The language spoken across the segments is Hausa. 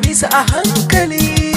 bisa a hankali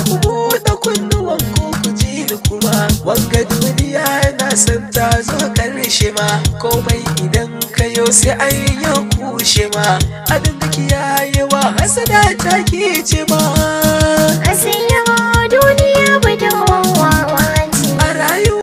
ku buɗe kunnuwan ku ji da kuma wanga duniya na san ta zo ƙarshe ma komai idan ka yo sai an yi kushe ma abin da kiyayewa hasada ta ke ce ma